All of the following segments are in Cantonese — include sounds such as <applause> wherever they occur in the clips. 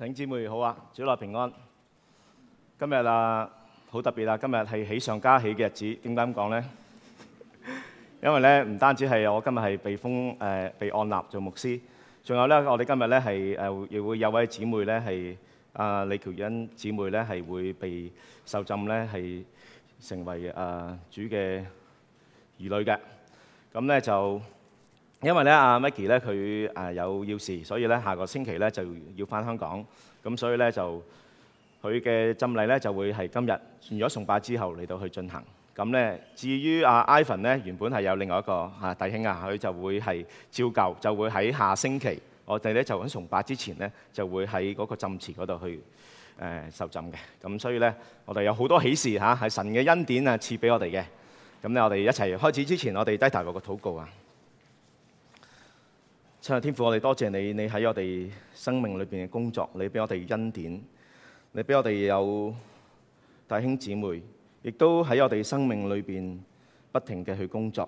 兄姊妹好啊，主內平安。今日啊，好特別啊！今日係喜上加喜嘅日子。點解咁講咧？因為咧，唔單止係我今日係被封誒被按立做牧師，仲有咧，我哋今日咧係誒亦會有位姊妹咧係啊李喬恩姊妹咧係會被受浸咧係成為啊主嘅兒女嘅。咁咧就。因為咧，阿 Maggie 咧，佢誒有要事，所以咧下個星期咧就要翻香港。咁所以咧就佢嘅浸禮咧就會係今日完咗崇拜之後嚟到去進行。咁咧至於阿 Ivan 咧，原本係有另外一個啊弟兄啊，佢就會係照舊就會喺下星期我哋咧就喺崇拜之前咧就會喺嗰個浸池嗰度去誒受浸嘅。咁所以咧我哋有好多喜事嚇，係神嘅恩典啊，賜俾我哋嘅。咁咧我哋一齊開始之前，我哋低頭做個禱告啊！神啊，親天父，我哋多謝你，你喺我哋生命裏邊嘅工作，你俾我哋恩典，你俾我哋有弟兄姊妹，亦都喺我哋生命裏邊不停嘅去工作。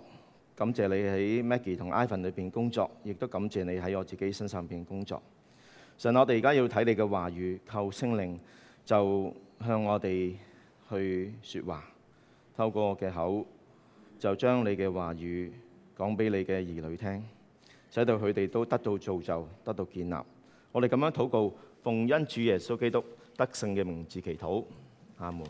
感謝你喺 Maggie 同 Ivan 裏邊工作，亦都感謝你喺我自己身上邊工作。神，我哋而家要睇你嘅話語，靠聖靈就向我哋去說話，透過我嘅口就將你嘅話語講俾你嘅兒女聽。使到佢哋都得到造就，得到建立。我哋咁樣禱告，奉恩主耶穌基督得勝嘅名字祈禱。阿門。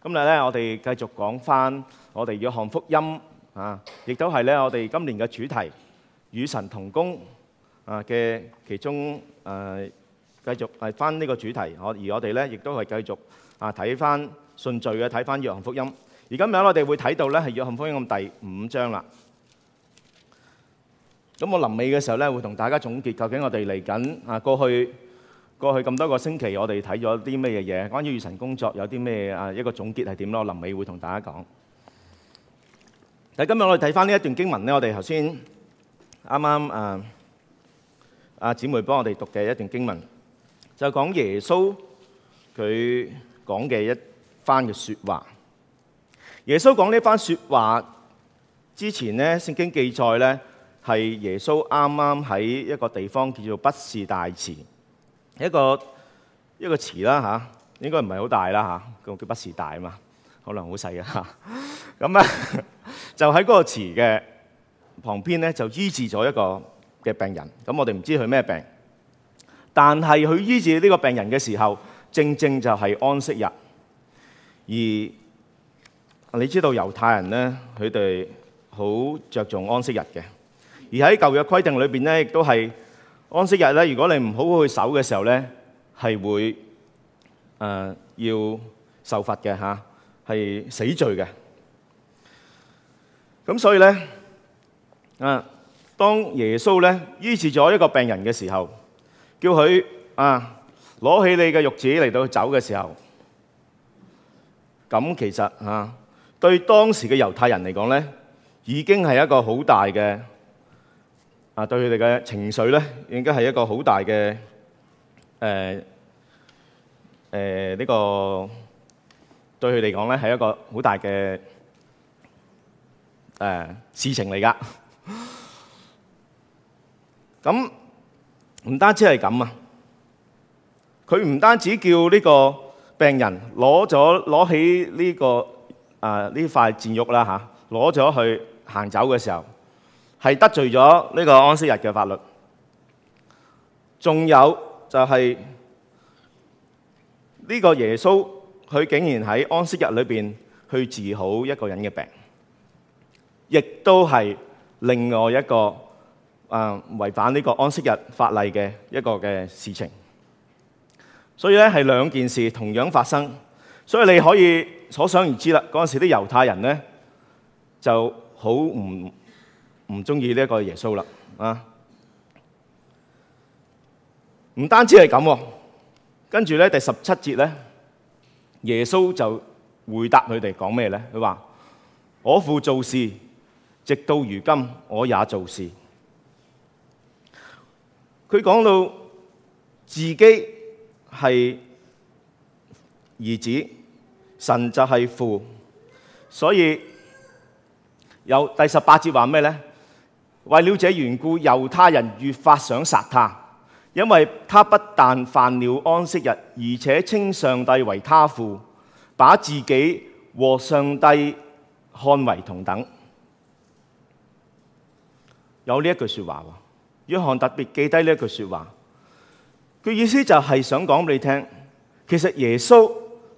今日咧，我哋繼續講翻我哋約翰福音啊，亦都係咧我哋今年嘅主題——與神同工啊嘅其中誒，繼續係翻呢個主題。我而我哋咧亦都係繼續啊睇翻順序嘅，睇翻約翰福音。而今日我哋會睇到咧係約翰福音咁第五章啦。咁我臨尾嘅時候咧，會同大家總結究竟我哋嚟緊啊，過去過去咁多個星期，我哋睇咗啲咩嘢嘢？關於預神工作有啲咩啊？一個總結係點咯？臨尾會同大家講。但係今日我哋睇翻呢一段經文咧，我哋頭先啱啱啊阿姊妹幫我哋讀嘅一段經文，就講耶穌佢講嘅一番嘅説話。耶穌講呢番説話之前咧，聖經記載咧。係耶穌啱啱喺一個地方叫做畢士大池，一個一個池啦嚇、啊，應該唔係好大啦嚇，叫、啊、畢士大啊嘛，可能好細啊嚇。咁、啊、咧 <laughs> 就喺嗰個池嘅旁邊咧就醫治咗一個嘅病人。咁我哋唔知佢咩病，但係佢醫治呢個病人嘅時候，正正就係安息日。而你知道猶太人咧，佢哋好着重安息日嘅。而喺舊約規定裏面咧，亦都係安息日咧。如果你唔好去守嘅時候咧，係會、呃、要受罰嘅，係死罪嘅。咁所以咧，啊，當耶穌咧醫治咗一個病人嘅時候，叫佢啊攞起你嘅褥子嚟到走嘅時候，咁其實啊，對當時嘅猶太人嚟講咧，已經係一個好大嘅。啊、呃呃這個，對佢哋嘅情緒咧，應該係一個好大嘅，誒誒，呢個對佢嚟講咧，係一個好大嘅誒事情嚟噶。咁 <laughs> 唔單止係咁啊，佢唔單止叫呢個病人攞咗攞起呢、這個啊呢塊氈褥啦嚇，攞咗、啊、去行走嘅時候。係得罪咗呢個安息日嘅法律，仲有就係呢個耶穌佢竟然喺安息日裏面去治好一個人嘅病，亦都係另外一個誒違反呢個安息日法例嘅一個嘅事情。所以咧係兩件事同樣發生，所以你可以可想而知啦。嗰陣時啲猶太人咧就好唔～唔中意呢一個耶穌啦，啊！唔單止係咁，啊，跟住咧第十七節咧，耶穌就回答佢哋講咩咧？佢話我父做事，直到如今我也做事。佢講到自己係兒子，神就係父，所以有第十八節話咩咧？為了這緣故，猶太人越發想殺他，因為他不但犯了安息日，而且稱上帝為他父，把自己和上帝看為同等。有呢一句説話，約翰特別記低呢一句説話。佢意思就係想講俾你聽，其實耶穌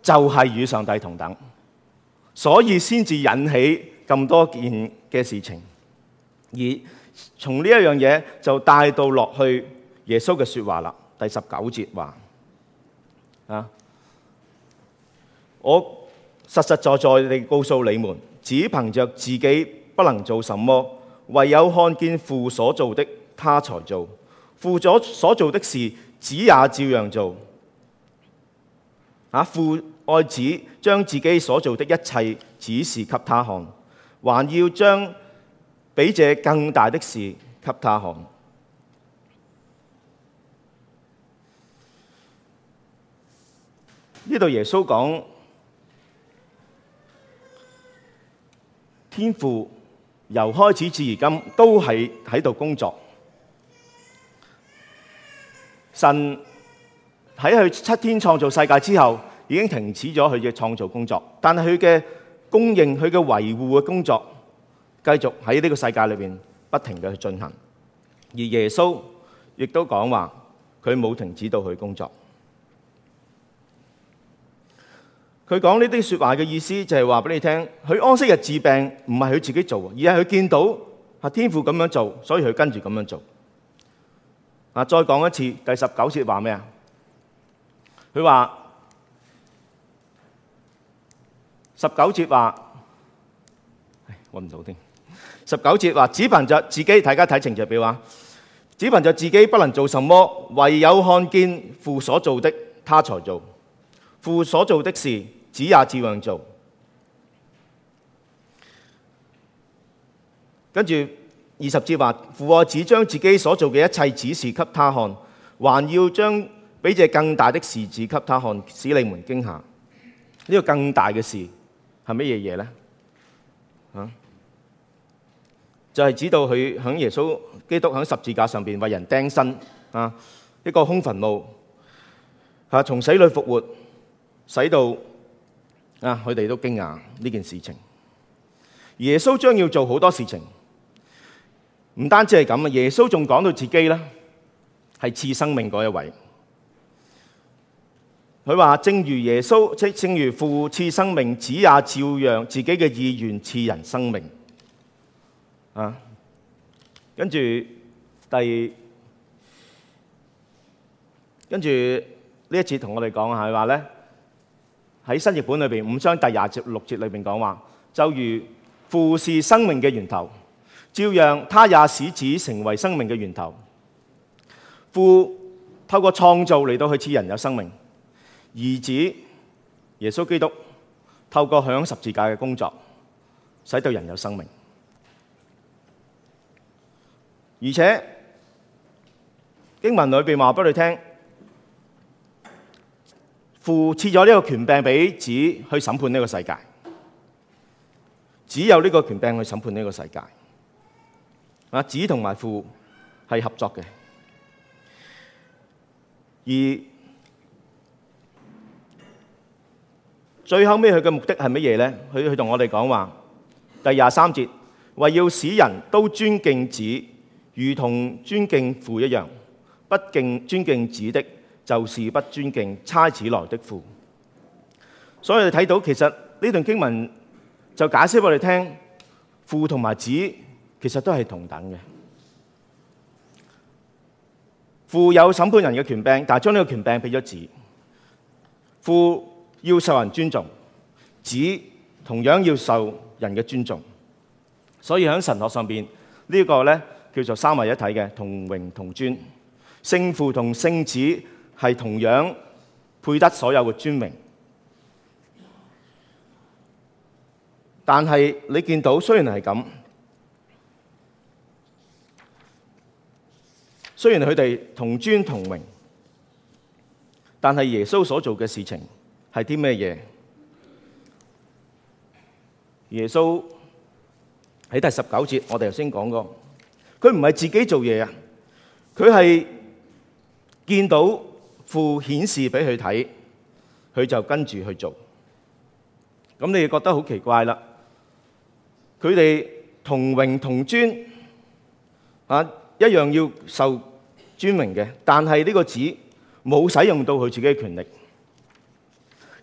就係與上帝同等，所以先至引起咁多件嘅事情。而從呢一樣嘢就帶到落去耶穌嘅說話啦，第十九節話啊，我實實在在地告訴你們，只憑着自己不能做什麼，唯有看見父所做的，他才做；父所所做的事，子也照樣做。啊，父愛子，將自己所做的一切指示給他看，還要將。比這更大的事給他看。呢度耶穌講：天父由開始至如今都係喺度工作。神喺佢七天創造世界之後，已經停止咗佢嘅創造工作，但係佢嘅供應、佢嘅維護嘅工作，繼續喺呢個世界裏邊不停嘅，去進行，而耶穌亦都講話佢冇停止到佢工作。佢講呢啲說話嘅意思就係話俾你聽，佢安息日治病唔係佢自己做，而係佢見到阿天父咁樣做，所以佢跟住咁樣做。啊，再講一次第，第十九節話咩啊？佢話十九節話，揾唔到添。十九節話，子憑着自己，大家睇情緒表啊！子憑着自己不能做什麼，唯有看見父所做的，他才做。父所做的事，子也照樣做。跟住二十節話，父愛子將自己所做嘅一切指示給他看，還要將比這更大的事指給他看，使你們驚嚇。呢、這個更大嘅事係乜嘢嘢呢？嗯就係指到佢喺耶穌基督喺十字架上邊為人釘身啊，一個空墳墓啊，從死裏復活，使到啊佢哋都驚訝呢件事情。耶穌將要做好多事情，唔單止係咁啊！耶穌仲講到自己啦，係賜生命嗰一位。佢話正如耶穌，正正如父賜生命，子也照樣自己嘅意願賜人生命。啊，跟住第跟住呢一節同我哋講下，佢話咧喺新譯本裏邊五章第廿六節裏邊講話，就如父是生命嘅源頭，照樣他也使子成為生命嘅源頭，父透過創造嚟到去賜人有生命，而子耶穌基督透過響十字架嘅工作，使到人有生命。而且經文裏面話俾你聽，父賜咗呢個權柄俾子去審判呢個世界，子有呢個權柄去審判呢個世界。子同埋父係合作嘅，而最後尾，佢嘅目的係乜嘢呢？佢佢同我哋講話，第二十三節為要使人都尊敬子。如同尊敬父一樣，不敬尊敬子的，就是不尊敬差子來的父。所以你睇到其實呢段經文就解釋畀我哋聽，父同埋子其實都係同等嘅。父有審判人嘅權柄，但係將呢個權柄俾咗子。父要受人尊重，子同樣要受人嘅尊重。所以喺神學上邊、這個、呢個咧。叫做三位一體嘅，同榮同尊，聖父同聖子係同樣配得所有嘅尊榮。但係你見到，雖是這樣，雖然係咁，雖然佢哋同尊同榮，但係耶穌所做嘅事情係啲咩嘢？耶穌喺第十九節，我哋頭先講過。佢唔係自己做嘢啊！佢係見到父顯示俾佢睇，佢就跟住去做。咁你覺得好奇怪啦？佢哋同榮同尊啊，一樣要受尊榮嘅，但係呢個子冇使用到佢自己嘅權力，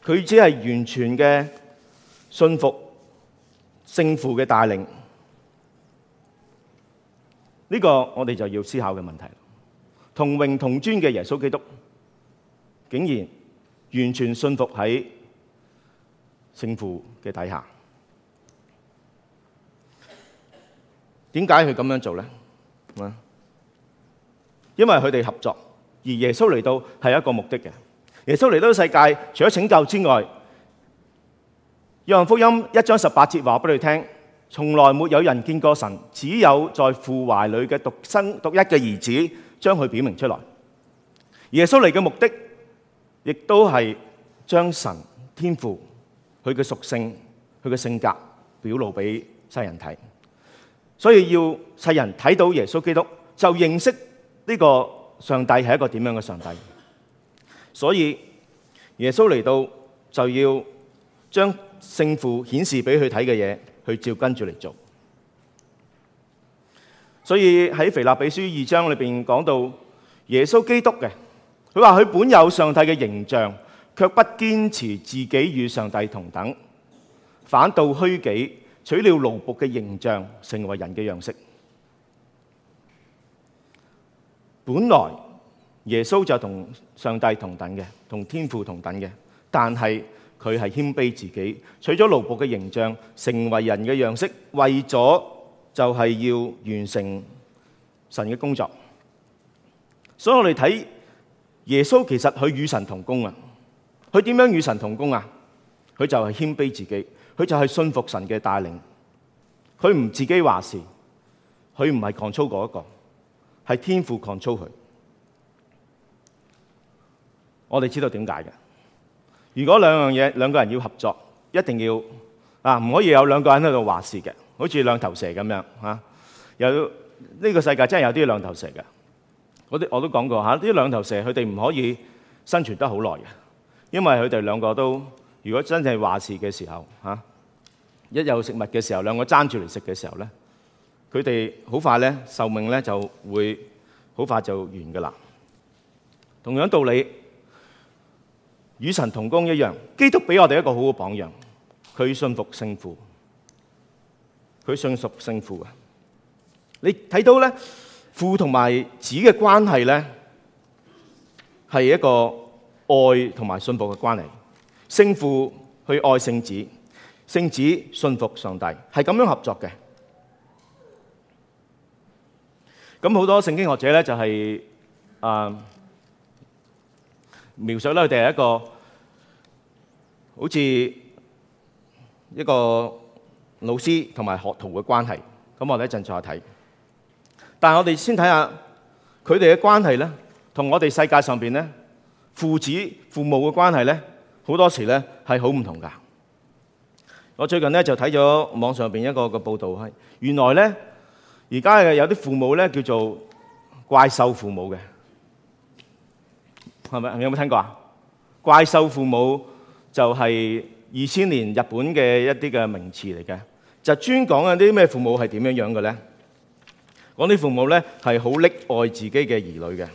佢只係完全嘅信服聖父嘅帶領。呢個我哋就要思考嘅問題，同榮同尊嘅耶穌基督，竟然完全信服喺聖父嘅底下，點解佢咁樣做咧？啊，因為佢哋合作，而耶穌嚟到係一個目的嘅。耶穌嚟到世界，除咗拯救之外，約翰福音一章十八節話俾你聽。從來沒有人見過神，只有在父懷裏嘅獨生獨一嘅兒子將佢表明出來。耶穌嚟嘅目的，亦都係將神天父佢嘅屬性、佢嘅性格表露俾世人睇。所以要世人睇到耶穌基督，就認識呢個上帝係一個點樣嘅上帝。所以耶穌嚟到就要將聖父顯示俾佢睇嘅嘢。佢照跟住嚟做，所以喺腓立比書二章裡邊講到耶穌基督嘅，佢話佢本有上帝嘅形象，卻不堅持自己與上帝同等，反倒虛己，取了奴僕嘅形象，成為人嘅樣式。本來耶穌就同上帝同等嘅，同天父同等嘅，但係。佢係謙卑自己，取咗奴僕嘅形象，成為人嘅樣式，為咗就係要完成神嘅工作。所以我哋睇耶穌，其實佢與神同工啊！佢點樣與神同工啊？佢就係謙卑自己，佢就係信服神嘅帶領。佢唔自己話事，佢唔係 control 嗰一個，係天父 control 佢。我哋知道點解嘅。如果兩樣嘢兩個人要合作，一定要啊，唔可以有兩個人喺度話事嘅，好似兩頭蛇咁樣嚇。又、啊、呢、呢個世界真係有啲兩頭蛇嘅，我都我都講過嚇，呢、啊、兩頭蛇佢哋唔可以生存得好耐嘅，因為佢哋兩個都如果真係話事嘅時候嚇、啊，一有食物嘅時候，兩個爭住嚟食嘅時候咧，佢哋好快咧壽命咧就會好快就完㗎啦。同樣道理。與神同工一樣，基督俾我哋一個好好榜樣。佢信服聖父，佢信服聖父啊！你睇到咧，父同埋子嘅關係咧，係一個愛同埋信服嘅關係。聖父去愛聖子，聖子信服上帝，係咁樣合作嘅。咁好多聖經學者咧就係、是、啊。嗯描述咧佢哋係一個好似一個老師同埋學徒嘅關係，咁我哋一陣再睇。但我看看係，我哋先睇下佢哋嘅關係咧，同我哋世界上面咧父子父母嘅關係咧，好多時咧係好唔同噶。我最近咧就睇咗網上邊一個嘅報導，原來咧而家嘅有啲父母咧叫做怪獸父母嘅。係咪你有冇聽過啊？怪獸父母就係二千年日本嘅一啲嘅名詞嚟嘅，就專講緊啲咩父母係點樣樣嘅咧？講啲父母咧係好溺愛自己嘅兒女嘅，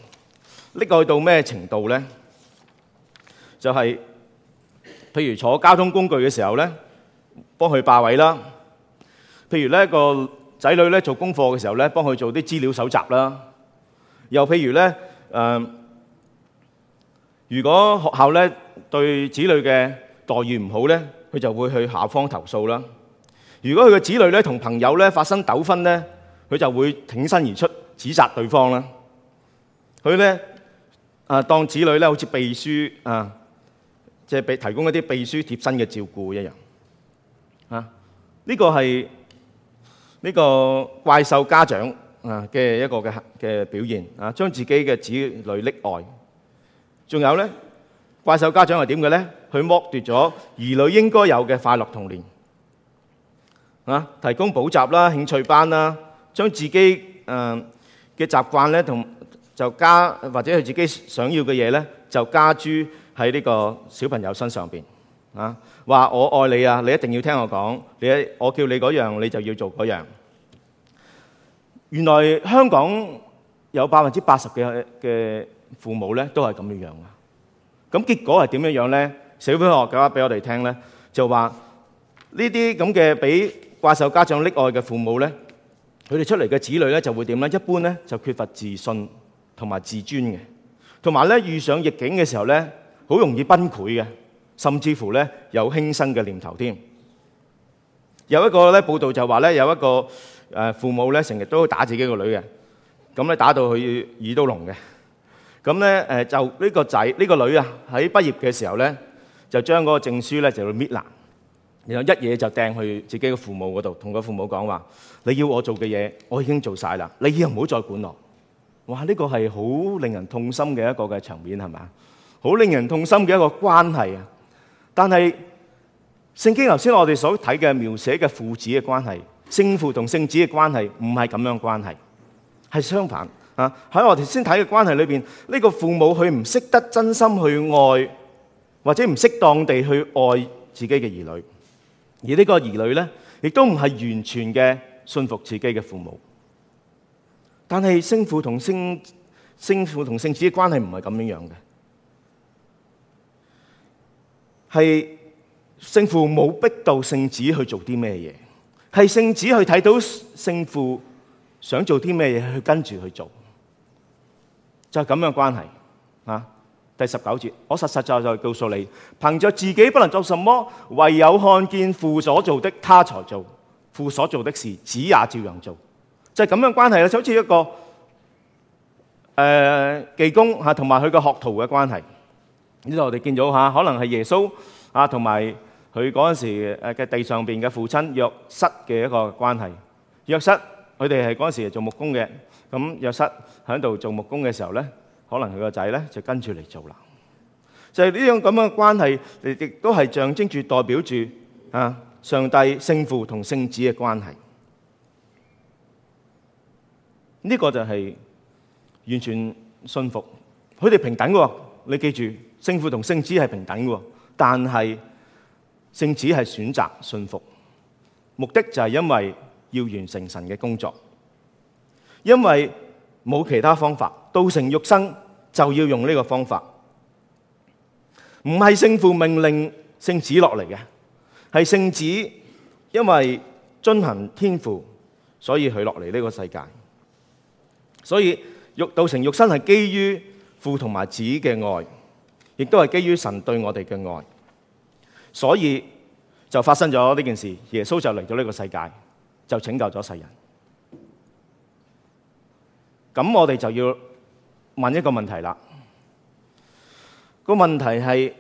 溺愛到咩程度咧？就係譬如坐交通工具嘅時候咧，幫佢霸位啦；譬如咧個仔女咧做功課嘅時候咧，幫佢做啲資料搜集啦；又譬如咧誒。如果學校咧對子女嘅待遇唔好咧，佢就會去校方投訴啦。如果佢嘅子女咧同朋友咧發生糾紛咧，佢就會挺身而出指責對方啦。佢咧啊，當子女咧好似秘書啊，即係俾提供一啲秘書貼身嘅照顧一樣啊。呢個係呢個怪獸家長啊嘅一個嘅嘅表現啊，將自己嘅子女溺愛。仲有呢，怪獸家長係點嘅呢？佢剝奪咗兒女應該有嘅快樂童年，啊！提供補習啦、興趣班啦，將自己誒嘅習慣呢同就加或者佢自己想要嘅嘢呢，就加諸喺呢個小朋友身上邊，啊！話我愛你啊，你一定要聽我講，你我叫你嗰樣，你就要做嗰樣。原來香港有百分之八十嘅嘅。父母咧都係咁樣樣嘅，咁結果係點樣樣咧？社會學家俾我哋聽咧，就話呢啲咁嘅俾怪獸家長溺愛嘅父母咧，佢哋出嚟嘅子女咧就會點咧？一般咧就缺乏自信同埋自尊嘅，同埋咧遇上逆境嘅時候咧，好容易崩潰嘅，甚至乎咧有輕生嘅念頭添。有一個咧報道就話咧，有一個誒父母咧成日都打自己個女嘅，咁咧打到佢耳都聾嘅。咁咧，誒就呢個仔呢個女啊，喺畢業嘅時候咧，就將嗰個證書咧就去搣爛，然後一嘢就掟去自己嘅父母嗰度，同個父母講話：你要我做嘅嘢，我已經做晒啦，你以後唔好再管我。哇！呢個係好令人痛心嘅一個嘅場面係咪？好令人痛心嘅一個關係啊！但係聖經頭先我哋所睇嘅描寫嘅父子嘅關係，聖父同聖子嘅關係唔係咁樣關係，係相反。啊！喺我哋先睇嘅關係裏邊，呢個父母佢唔識得真心去愛，或者唔適當地去愛自己嘅兒女，而呢個兒女咧，亦都唔係完全嘅信服自己嘅父母。但係聖父同聖，聖父同聖子嘅關係唔係咁樣樣嘅，係聖父冇逼到聖子去做啲咩嘢，係聖子去睇到聖父想做啲咩嘢，去跟住去做。就係咁樣關係，啊！第十九節，我實實在在告訴你，憑著自己不能做什麼，唯有看見父所做的，他才做；父所做的事，子也照樣做。就係咁樣關係啦，就好似一個誒技工嚇，同埋佢個學徒嘅關係。呢度我哋見到嚇，可能係耶穌啊，同埋佢嗰陣時誒嘅地上邊嘅父親約瑟嘅一個關係。約瑟佢哋係嗰陣時做木工嘅。咁約瑟喺度做木工嘅時候咧，可能佢個仔咧就跟住嚟做啦。就係、是、呢種咁嘅關係，亦亦都係象徵住代表住啊上帝聖父同聖子嘅關係。呢、這個就係完全信服，佢哋平等喎。你記住，聖父同聖子係平等喎，但係聖子係選擇信服，目的就係因為要完成神嘅工作。因為冇其他方法，道成肉身就要用呢個方法，唔係聖父命令聖子落嚟嘅，係聖子因為遵行天父，所以佢落嚟呢個世界。所以肉道成肉身係基於父同埋子嘅愛，亦都係基於神對我哋嘅愛，所以就發生咗呢件事，耶穌就嚟咗呢個世界，就拯救咗世人。咁我哋就要問一個問題啦。個問題係，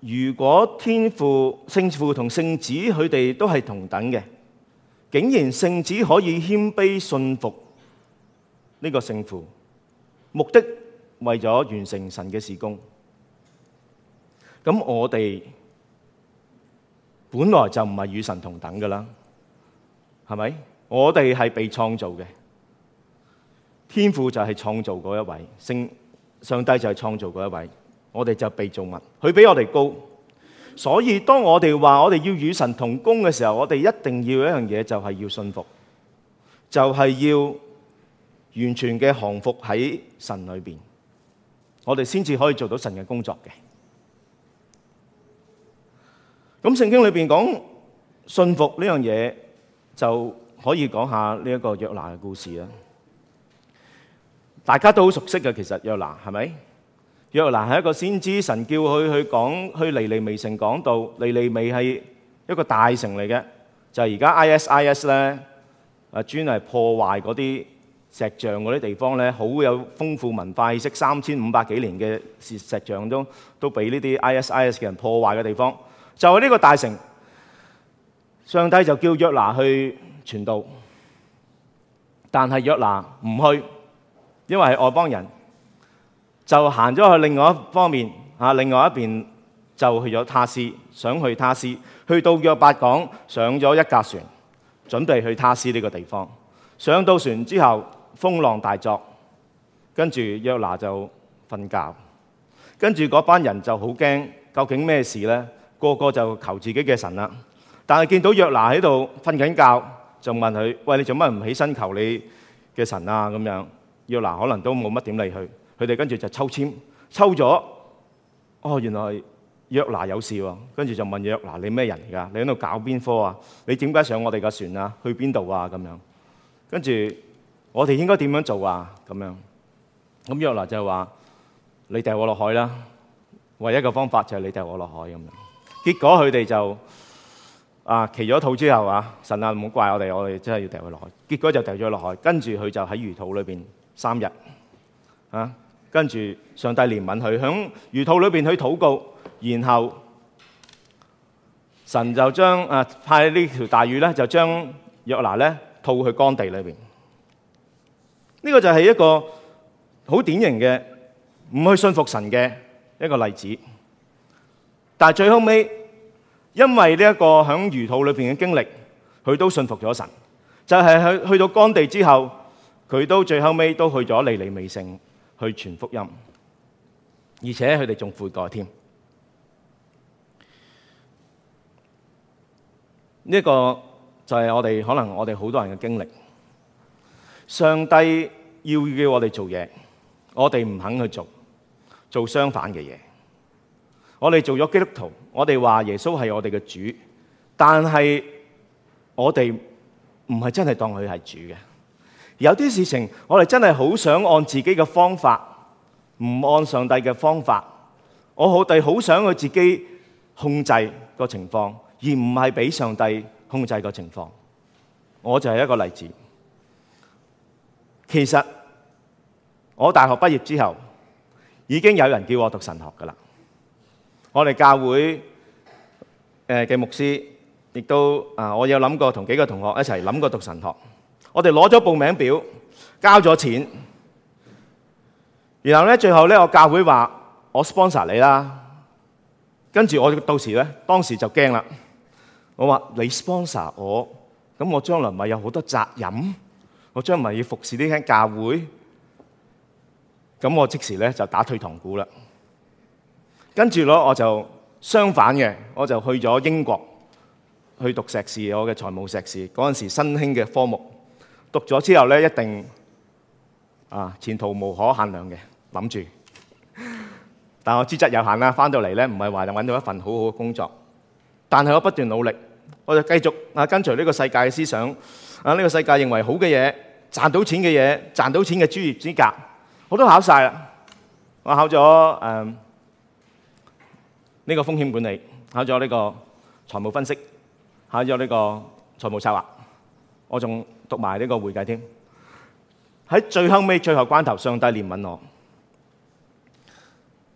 如果天父、聖父同聖子佢哋都係同等嘅，竟然聖子可以謙卑順服呢個聖父，目的為咗完成神嘅事工。咁我哋本來就唔係與神同等噶啦，係咪？我哋係被創造嘅。天父就係創造嗰一位，聖上帝就係創造嗰一位，我哋就被造物，佢比我哋高，所以當我哋話我哋要與神同工嘅時候，我哋一定要一樣嘢，就係要信服，就係要完全嘅降服喺神裏邊，我哋先至可以做到神嘅工作嘅。咁聖經裏邊講信服呢樣嘢，就可以講一下呢一個約拿嘅故事啦。大家都好熟悉嘅，其實約拿係咪？約拿係一個先知神，神叫佢去講去尼尼微城講道。尼尼微係一個大城嚟嘅，就係而家 ISIS 咧啊，專係破壞嗰啲石像嗰啲地方咧，好有豐富文化意識，三千五百幾年嘅石石像中都俾呢啲 ISIS 嘅人破壞嘅地方。就係呢個大城，上帝就叫約拿去傳道，但係約拿唔去。因為係外邦人，就行咗去另外一方面、啊、另外一邊就去咗他施，想去他施，去到約帕港上咗一架船，準備去他施呢個地方。上到船之後，風浪大作，跟住約拿就瞓覺，跟住嗰班人就好驚，究竟咩事呢？個個就求自己嘅神啦。但係見到約拿喺度瞓緊覺，就問佢：喂，你做乜唔起身求你嘅神啊？咁樣。約拿可能都冇乜點理去，佢哋跟住就抽籤，抽咗，哦，原來約拿有事喎、啊，跟住就問約拿你咩人嚟㗎？你喺度搞邊科啊？你點解上我哋嘅船啊？去邊度啊？咁樣，跟住我哋應該點樣做啊？咁樣，咁約拿就話你掟我落海啦，唯一嘅方法就係你掟我落海咁樣。結果佢哋就啊祈咗肚之後啊，神啊唔好怪我哋，我哋真係要掟佢落海。結果就掉咗落海，跟住佢就喺魚肚裏邊。三日啊，跟住上帝憐憫佢，響魚肚裏邊去禱告，然後神就將啊派這條呢條大魚咧，就將約拿咧套去乾地裏邊。呢、這個就係一個好典型嘅唔去信服神嘅一個例子。但係最後尾，因為呢一個響魚肚裏邊嘅經歷，佢都信服咗神。就係、是、去去到乾地之後。佢都最後尾都去咗尼尼微城去傳福音，而且佢哋仲悔改添。呢個就係我哋，可能我哋好多人嘅經歷。上帝要叫我哋做嘢，我哋唔肯去做，做相反嘅嘢。我哋做咗基督徒，我哋話耶穌係我哋嘅主，但係我哋唔係真係當佢係主嘅。有啲事情我哋真係好想按自己嘅方法，唔按上帝嘅方法。我好哋好想佢自己控制個情況，而唔係俾上帝控制個情況。我就係一個例子。其實我大學畢業之後，已經有人叫我讀神學噶啦。我哋教會誒嘅牧師亦都啊，我有諗過同幾個同學一齊諗過讀神學。我哋攞咗報名表，交咗錢，然後呢，最後呢，我教會話我 sponsor 你啦，跟住我到時呢，當時就驚啦，我話你 sponsor 我，咁我將來咪有好多責任，我將咪要服侍呢間教會，咁我即時呢，就打退堂鼓啦。跟住呢我就相反嘅，我就去咗英國去讀碩士，我嘅財務碩士嗰陣時新興嘅科目。讀咗之後咧，一定啊前途無可限量嘅諗住，但我資質有限啦，翻到嚟咧唔係話就搵到一份好好嘅工作，但係我不斷努力，我就繼續啊跟隨呢個世界嘅思想，啊、這、呢個世界認為好嘅嘢，賺到錢嘅嘢，賺到錢嘅專業資格，我都考晒啦，我考咗誒呢個風險管理，考咗呢個財務分析，考咗呢個財務策劃，我仲。讀埋呢個會計添，喺最後尾，最後關頭，上帝憐憫我，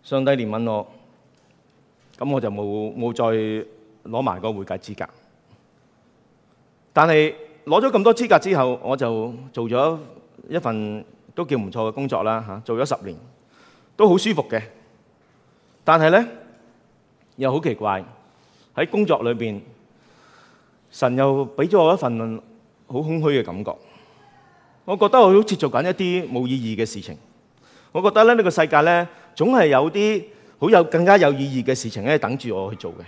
上帝憐憫我，咁我就冇冇再攞埋個會計資格。但係攞咗咁多資格之後，我就做咗一份都叫唔錯嘅工作啦吓，做咗十年，都好舒服嘅。但係咧又好奇怪，喺工作裏邊，神又俾咗我一份。好空虛嘅感覺，我覺得我好似做緊一啲冇意義嘅事情。我覺得咧呢個世界咧，總係有啲好有更加有意義嘅事情咧等住我去做嘅。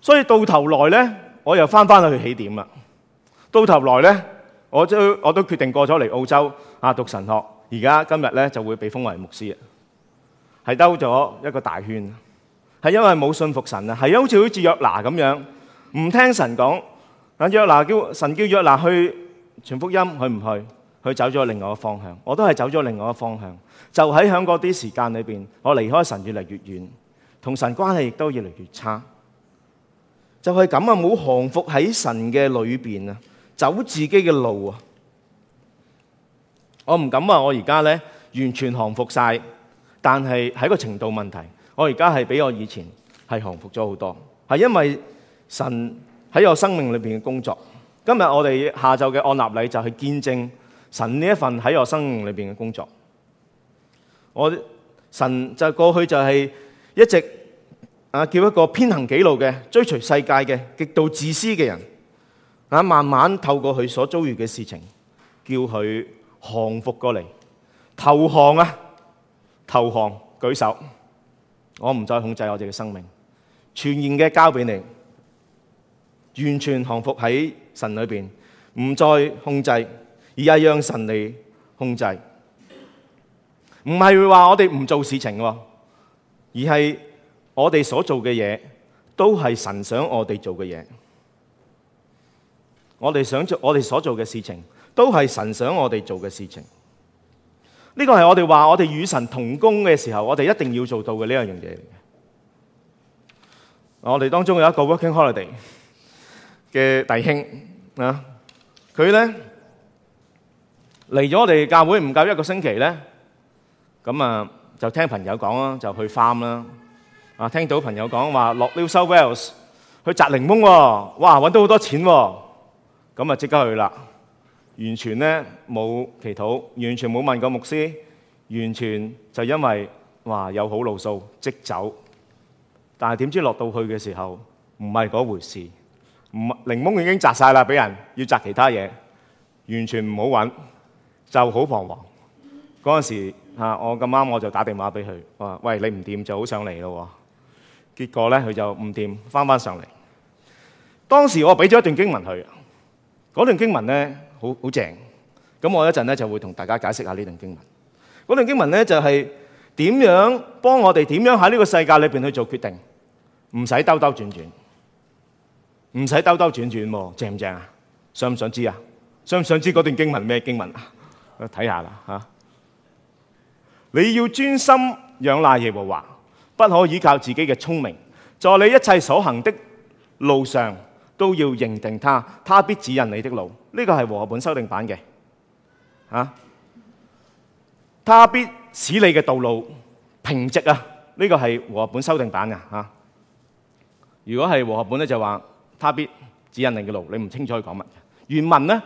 所以到頭來咧，我又翻返去起點啦。到頭來咧，我都我都決定過咗嚟澳洲啊讀神學。而家今日咧就會被封為牧師，係兜咗一個大圈。係因為冇信服神啊，係好似好似約拿咁樣，唔聽神講。但約拿神叫約拿去傳福音，去唔去？佢走咗另外一個方向，我都係走咗另外一個方向。就喺響嗰啲時間裏邊，我離開神越嚟越遠，同神關係亦都越嚟越差。就係咁啊！冇降服喺神嘅裏邊啊，走自己嘅路啊！我唔敢話我而家呢，完全降服晒，但係喺一個程度問題，我而家係比我以前係降服咗好多，係因為神。喺我生命裏邊嘅工作，今日我哋下晝嘅按立禮就是去見證神呢一份喺我生命裏邊嘅工作。我神就過去就係一直啊叫一個偏行己路嘅、追隨世界嘅、極度自私嘅人啊，慢慢透過佢所遭遇嘅事情，叫佢降服過嚟，投降啊，投降！舉手，我唔再控制我哋嘅生命，全然嘅交俾你。完全降服喺神裏邊，唔再控制，而係讓神嚟控制。唔係會話我哋唔做事情，而係我哋所做嘅嘢都係神想我哋做嘅嘢。我哋想做，我哋所做嘅事情都係神想我哋做嘅事情。呢個係我哋話我哋與神同工嘅時候，我哋一定要做到嘅呢一樣嘢。我哋當中有一個 working holiday。嘅弟兄啊，佢咧嚟咗我哋教會唔夠一個星期咧，咁啊就聽朋友講啦，就去 farm 啦啊，聽到朋友講話落 New South Wales 去摘檸檬，哇，搵到好多錢，咁啊即刻去啦，完全咧冇祈禱，完全冇問過牧師，完全就因為哇有好路數即走，但係點知落到去嘅時候唔係嗰回事。唔檸檬已經摘晒啦，俾人要摘其他嘢，完全唔好揾，就好彷徨。嗰陣時我咁啱我就打電話俾佢，話：喂，你唔掂就好上嚟咯。結果咧，佢就唔掂，翻翻上嚟。當時我俾咗一段經文佢，嗰段經文咧好好正。咁我一陣咧就會同大家解釋下呢段經文。嗰段經文咧就係點樣幫我哋點樣喺呢個世界裏邊去做決定，唔使兜兜轉轉。唔使兜兜轉轉，啊，正唔正啊？想唔想知啊？想唔想知嗰段經文咩經文啊？睇下啦，吓，啊！你要專心仰賴耶和華，不可依靠自己嘅聰明，在你一切所行的路上，都要認定他，他必指引你的路。呢，這個係和合本修訂版嘅，吓，啊。他必使你嘅道路平直啊！呢，這個係和合本修訂版嘅吓。啊，如果係和合本咧，就話。。他必指引你嘅路，你唔清楚佢講乜。原文咧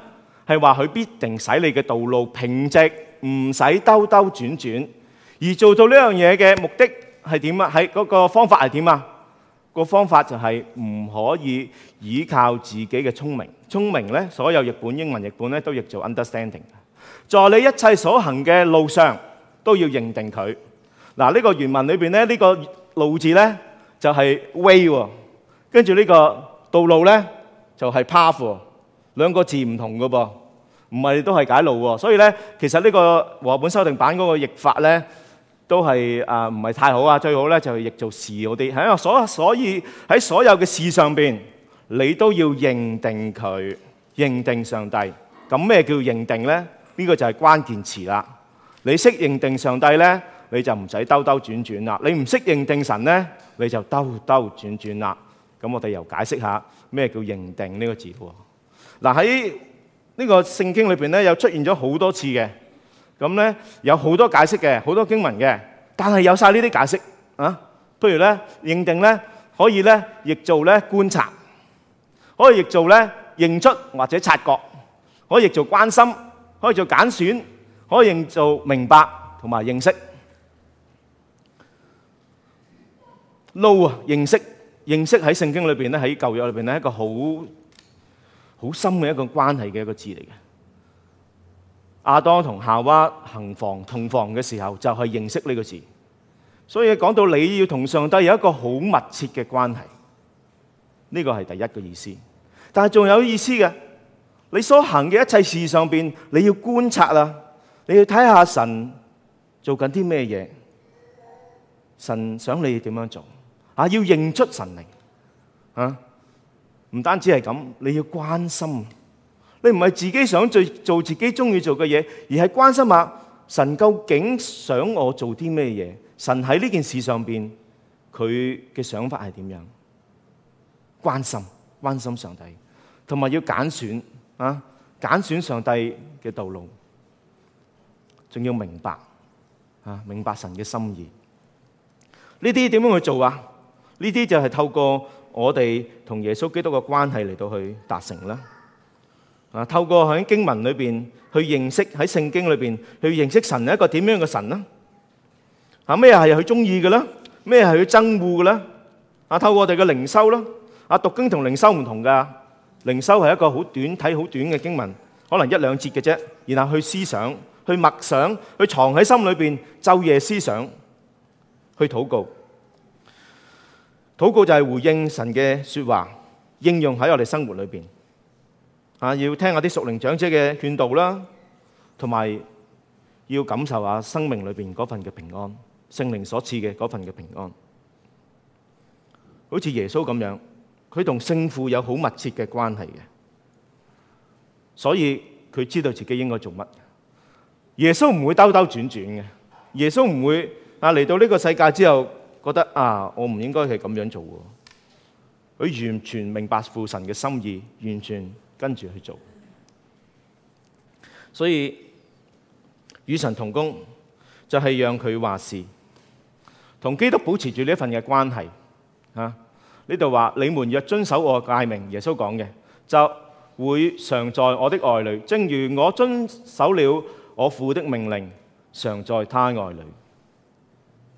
係話佢必定使你嘅道路平直，唔使兜兜轉轉。而做到呢樣嘢嘅目的係點啊？係嗰個方法係點啊？個方法就係唔可以依靠自己嘅聰明。聰明咧，所有譯本英文譯本咧都譯做 understanding。在你一切所行嘅路上，都要認定佢。嗱，呢個原文裏面咧，呢、這個路字咧就係、是、way，跟住呢個道路咧就係 path，兩個字唔同嘅噃，唔係都係解路喎。所以咧，其實呢個和合本修訂版嗰個譯法咧，都係啊唔係太好啊。最好咧就譯做事好啲。喺所所以喺所有嘅事上面，你都要認定佢，認定上帝。咁咩叫認定咧？呢個就係關鍵詞啦。你識認定上帝咧，你就唔使兜兜轉轉啦。你唔識認定神咧，你就兜兜轉轉啦。咁我哋又解釋下咩叫認定呢個字喎？嗱，喺呢個聖經裏邊咧，又出現咗好多次嘅，咁咧有好多解釋嘅，好多經文嘅。但係有曬呢啲解釋啊，譬如咧認定咧可以咧亦做咧觀察，可以亦做咧認出或者察覺，可以亦做關心，可以做揀選，可以認做明白同埋認識。撈啊，認識。認識喺聖經裏邊咧，喺舊約裏邊咧，一個好好深嘅一個關係嘅一個字嚟嘅。亞當同夏娃行房同房嘅時候，就係、是、認識呢個字。所以講到你要同上帝有一個好密切嘅關係，呢、這個係第一個意思。但係仲有意思嘅，你所行嘅一切事上邊，你要觀察啦，你要睇下神做緊啲咩嘢，神想你點樣做。啊！要認出神靈啊！唔單止係咁，你要關心，你唔係自己想做做自己中意做嘅嘢，而係關心下神究竟想我做啲咩嘢？神喺呢件事上邊佢嘅想法係點樣？關心關心上帝，同埋要揀選啊！揀選上帝嘅道路，仲要明白啊！明白神嘅心意，呢啲點樣去做啊？呢啲就係透過我哋同耶穌基督嘅關係嚟到去達成啦。啊，透過喺經文裏邊去認識，喺聖經裏邊去認識神係一個點樣嘅神啦。啊，咩係佢中意嘅啦？咩係佢憎惡嘅啦？啊，透過我哋嘅靈修啦。啊，讀經同靈修唔同噶。靈修係一個好短睇，好短嘅經文，可能一兩節嘅啫。然後去思想，去默想，去藏喺心裏邊，晝夜思想，去禱告。禱告就係回應神嘅說話，應用喺我哋生活裏邊。啊，要聽下啲屬靈長者嘅勸導啦，同埋要感受下生命裏邊嗰份嘅平安，聖靈所賜嘅嗰份嘅平安。好似耶穌咁樣，佢同聖父有好密切嘅關係嘅，所以佢知道自己應該做乜。耶穌唔會兜兜轉轉嘅，耶穌唔會啊，嚟到呢個世界之後。覺得啊，我唔應該係咁樣做喎！佢完全明白父神嘅心意，完全跟住去做。所以與神同工就係讓佢話事，同基督保持住呢一份嘅關係。啊，呢度話，你們若遵守我嘅誡命，耶穌講嘅，就會常在我的愛裏，正如我遵守了我父的命令，常在他愛裏。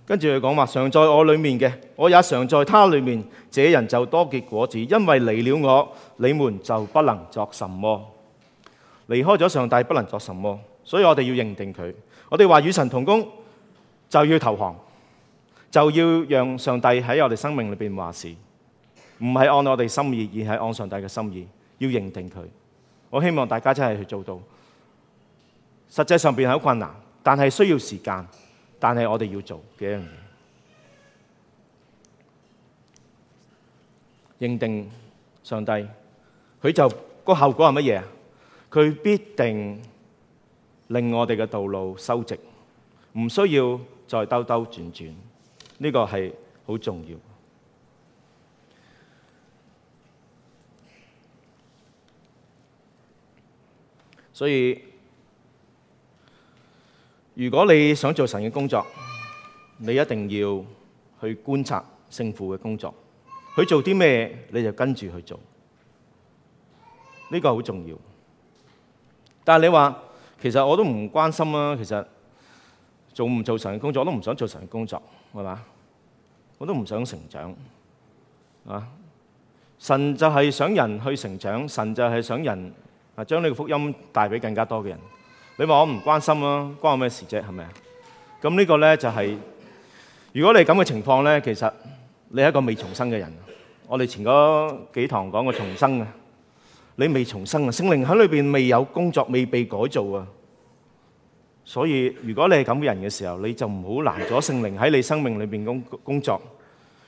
跟住佢講話，常在我裏面嘅，我也常在他裏面。這人就多結果子，因為離了我，你們就不能作什麼。離開咗上帝不能作什麼，所以我哋要認定佢。我哋話與神同工就要投降，就要讓上帝喺我哋生命裏面話事，唔係按我哋心意，而係按上帝嘅心意。要認定佢。我希望大家真係去做到。實際上邊係好困難，但係需要時間。但係我哋要做嘅一樣嘢，認定上帝，佢就個效果係乜嘢？佢必定令我哋嘅道路修直，唔需要再兜兜轉轉。呢個係好重要，所以。如果你想做神嘅工作，你一定要去觀察聖父嘅工作，佢做啲咩你就跟住去做，呢、這個好重要。但係你話，其實我都唔關心啦。其實做唔做神嘅工作，我都唔想做神嘅工作，係嘛？我都唔想成長，啊！神就係想人去成長，神就係想人啊，將呢個福音帶俾更加多嘅人。你話我唔關心咯，關我咩事啫？係咪啊？咁呢個咧就係，如果你係咁嘅情況咧，其實你係一個未重生嘅人。我哋前嗰幾堂講過重生啊，你未重生啊，聖靈喺裏邊未有工作，未被改造啊。所以如果你係咁嘅人嘅時候，你就唔好攔咗聖靈喺你生命裏邊工工作。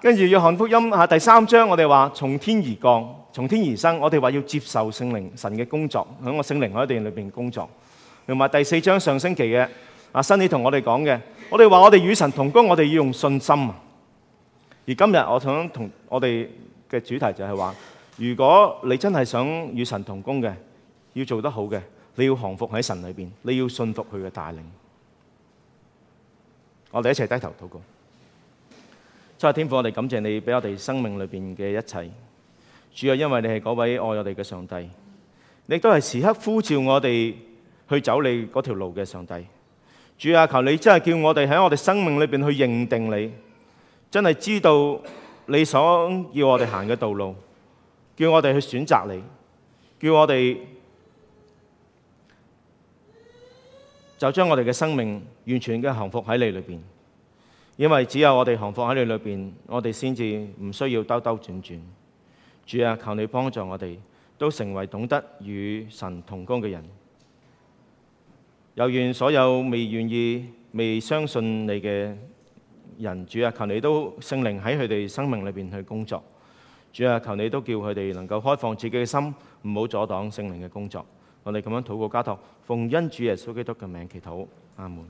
跟住、啊、約翰福音吓、啊、第三章我們說，我哋話從天而降，從天而生。我哋話要接受聖靈神嘅工作，喺我聖靈喺地裏邊工作。同埋第四章上星期嘅阿新你同我哋講嘅，我哋話我哋與神同工，我哋要用信心。而今日我想同我哋嘅主題就係話，如果你真係想與神同工嘅，要做得好嘅，你要降服喺神裏邊，你要信服佢嘅帶領。我哋一齊低頭禱告。所以天父，我哋感謝你俾我哋生命裏邊嘅一切。主啊，因為你係嗰位愛我哋嘅上帝，你都係時刻呼召我哋去走你嗰條路嘅上帝。主啊，求你真係叫我哋喺我哋生命裏邊去認定你，真係知道你所要我哋行嘅道路，叫我哋去選擇你，叫我哋就將我哋嘅生命完全嘅降服喺你裏邊。因為只有我哋行放喺你裏邊，我哋先至唔需要兜兜轉轉。主啊，求你幫助我哋，都成為懂得與神同工嘅人。又願所有未願意、未相信你嘅人，主啊，求你都聖靈喺佢哋生命裏邊去工作。主啊，求你都叫佢哋能夠開放自己嘅心，唔好阻擋聖靈嘅工作。我哋咁樣禱告交託，奉恩主耶穌基督嘅名祈禱，阿門。